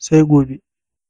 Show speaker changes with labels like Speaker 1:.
Speaker 1: Segube